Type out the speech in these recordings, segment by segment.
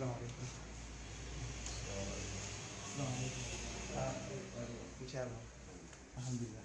Assalamualaikum. Assalamualaikum. Insyaallah. Alhamdulillah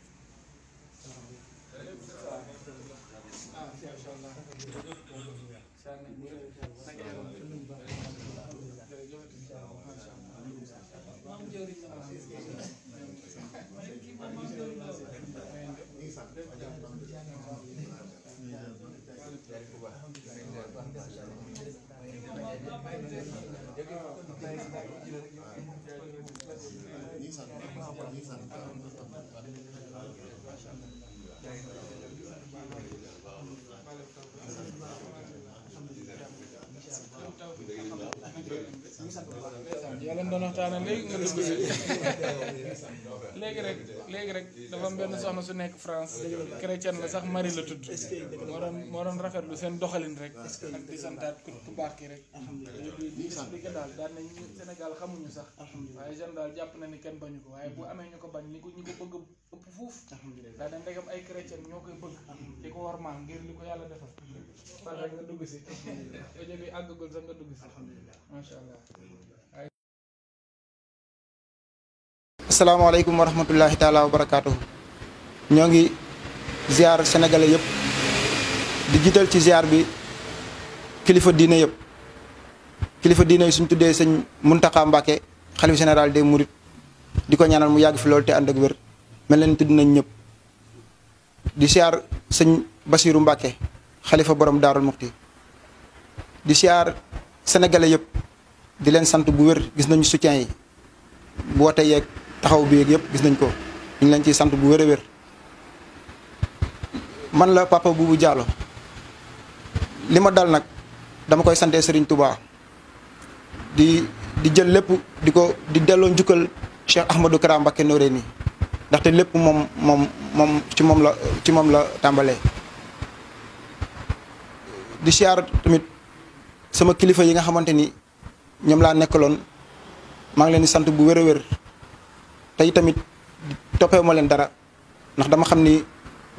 ini Nissan, ini Nissan. yàlla doon waxtaane léegi nga dugg si léegi rek léegi rek dafa am benn soxna su nekk France chrétienne la sax mari la tudd moo doon moo doon rafetlu seen doxalin rek ak di santaat kut ku baax ki rek di expliqué daal daan nañ Sénégal xamuñu sax waaye jeune daal jàpp na ni kenn bañu ko waaye bu amee ñu ko bañ ni ko ñu ko bëgg ëpp fuuf daa ndegam ay chrétien ñoo koy bëgg di ko war maa ngir li ko yàlla defal Ya. Iya. Assalamualaikum warahmatullahi allah taala wabarakatuh. barakaatuhu ziar sénégalais yëpp di jiital ci ziar bi kilifa dina yëpp kilifa dina suñu tuddé señ Muntaka Muntaxa khalifa général des Mourides diko ñaanal mu yàgg fi lol te and ak wër. mel leen tudd nañ ñëpp di ziar señ Basiiru Mbàkke khalifa borom Darul Mukti. di siar sénégalais yépp di len sant bu wër gis nañu soutien yi boote yeeg taxaw bi yépp gis nañ ko ñu ci bu wër man la papa bubu Diallo Lima dal nak. dama koy sante Serigne Touba di di jël lepp diko di delo njukkal Cheikh Ahmadou Kara Mbacké Noreyni ndaxte lepp mom mom mom ci mom la ci mom la tambalé di siar tamit sama kilifa yi nga xamanteni ni la nekkalon ma ngi leen di sant bu wër wër tay tamit topé mo leen dara ndax dama xamni ni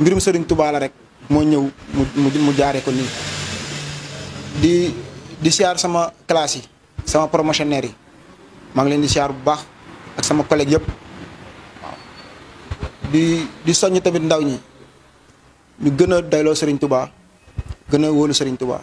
mbirum serigne touba la rek mo ñew mu mu jaaré ko ni di di siar sama classe sama promotionnaire yi ma ngi leen di siar bu baax ak sama collègue yëpp di di soñu tamit ndaw ñi ñu gëna a serigne touba gën a wóolu Serigne